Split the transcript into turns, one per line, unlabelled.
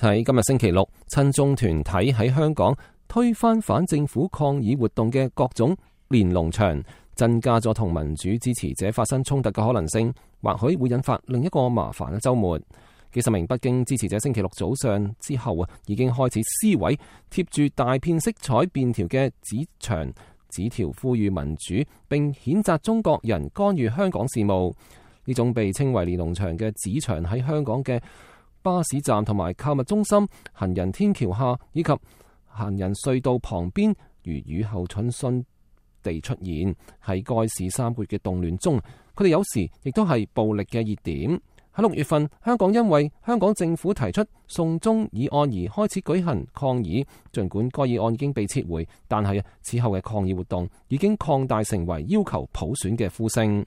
喺今日星期六，親中團體喺香港推翻反政府抗議活動嘅各種連儂牆，增加咗同民主支持者發生衝突嘅可能性，或許會引發另一個麻煩嘅週末。幾十名北京支持者星期六早上之後啊，已經開始撕毀貼住大片色彩便條嘅紙牆紙條，呼籲民主並譴責中國人干預香港事務。呢種被稱為連儂牆嘅紙牆喺香港嘅巴士站同埋購物中心，行人天橋下以及行人隧道旁邊如雨後春筍地出現，喺該市三個月嘅動亂中，佢哋有時亦都係暴力嘅熱點。喺六月份，香港因為香港政府提出送中議案而開始舉行抗議，儘管該議案已經被撤回，但係啊，此後嘅抗議活動已經擴大成為要求普選嘅呼聲。